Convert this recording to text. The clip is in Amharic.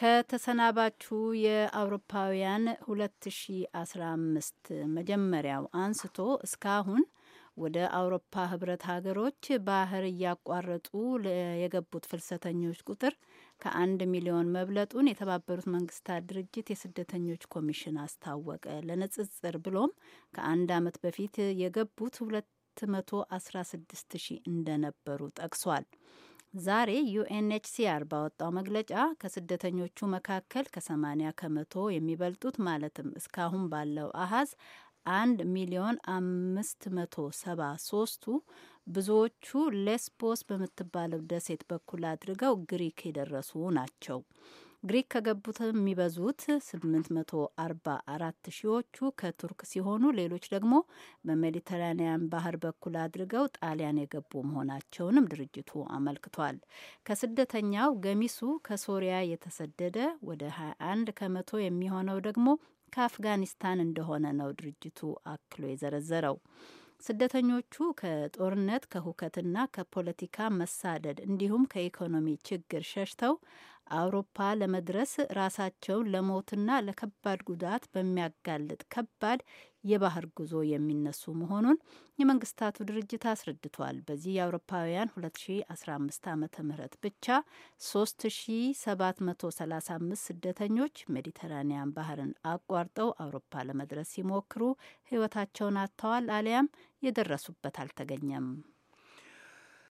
ከተሰናባቹ የአውሮፓውያን 2015 መጀመሪያው አንስቶ እስካሁን ወደ አውሮፓ ህብረት ሀገሮች ባህር እያቋረጡ የገቡት ፍልሰተኞች ቁጥር ከአንድ ሚሊዮን መብለጡን የተባበሩት መንግስታት ድርጅት የስደተኞች ኮሚሽን አስታወቀ። ለንጽጽር ብሎም ከአንድ አመት በፊት የገቡት 216 ሺህ እንደነበሩ ጠቅሷል። ዛሬ ዩኤንኤችሲአር ባወጣው መግለጫ ከስደተኞቹ መካከል ከ80 ከመቶ የሚበልጡት ማለትም እስካሁን ባለው አሀዝ አንድ ሚሊዮን አምስት መቶ ሰባ ሶስቱ ብዙዎቹ ሌስቦስ በምትባለው ደሴት በኩል አድርገው ግሪክ የደረሱ ናቸው። ግሪክ ከገቡት የሚበዙት 844 ሺዎቹ ከቱርክ ሲሆኑ ሌሎች ደግሞ በሜዲተራኒያን ባህር በኩል አድርገው ጣሊያን የገቡ መሆናቸውንም ድርጅቱ አመልክቷል። ከስደተኛው ገሚሱ ከሶሪያ የተሰደደ ወደ 21 ከመቶ የሚሆነው ደግሞ ከአፍጋኒስታን እንደሆነ ነው ድርጅቱ አክሎ የዘረዘረው። ስደተኞቹ ከጦርነት ከሁከትና ከፖለቲካ መሳደድ እንዲሁም ከኢኮኖሚ ችግር ሸሽተው አውሮፓ ለመድረስ ራሳቸውን ለሞትና ለከባድ ጉዳት በሚያጋልጥ ከባድ የባህር ጉዞ የሚነሱ መሆኑን የመንግስታቱ ድርጅት አስረድቷል። በዚህ የአውሮፓውያን 2015 ዓ ም ብቻ 3735 ስደተኞች ሜዲተራኒያን ባህርን አቋርጠው አውሮፓ ለመድረስ ሲሞክሩ ህይወታቸውን አጥተዋል አሊያም የደረሱበት አልተገኘም።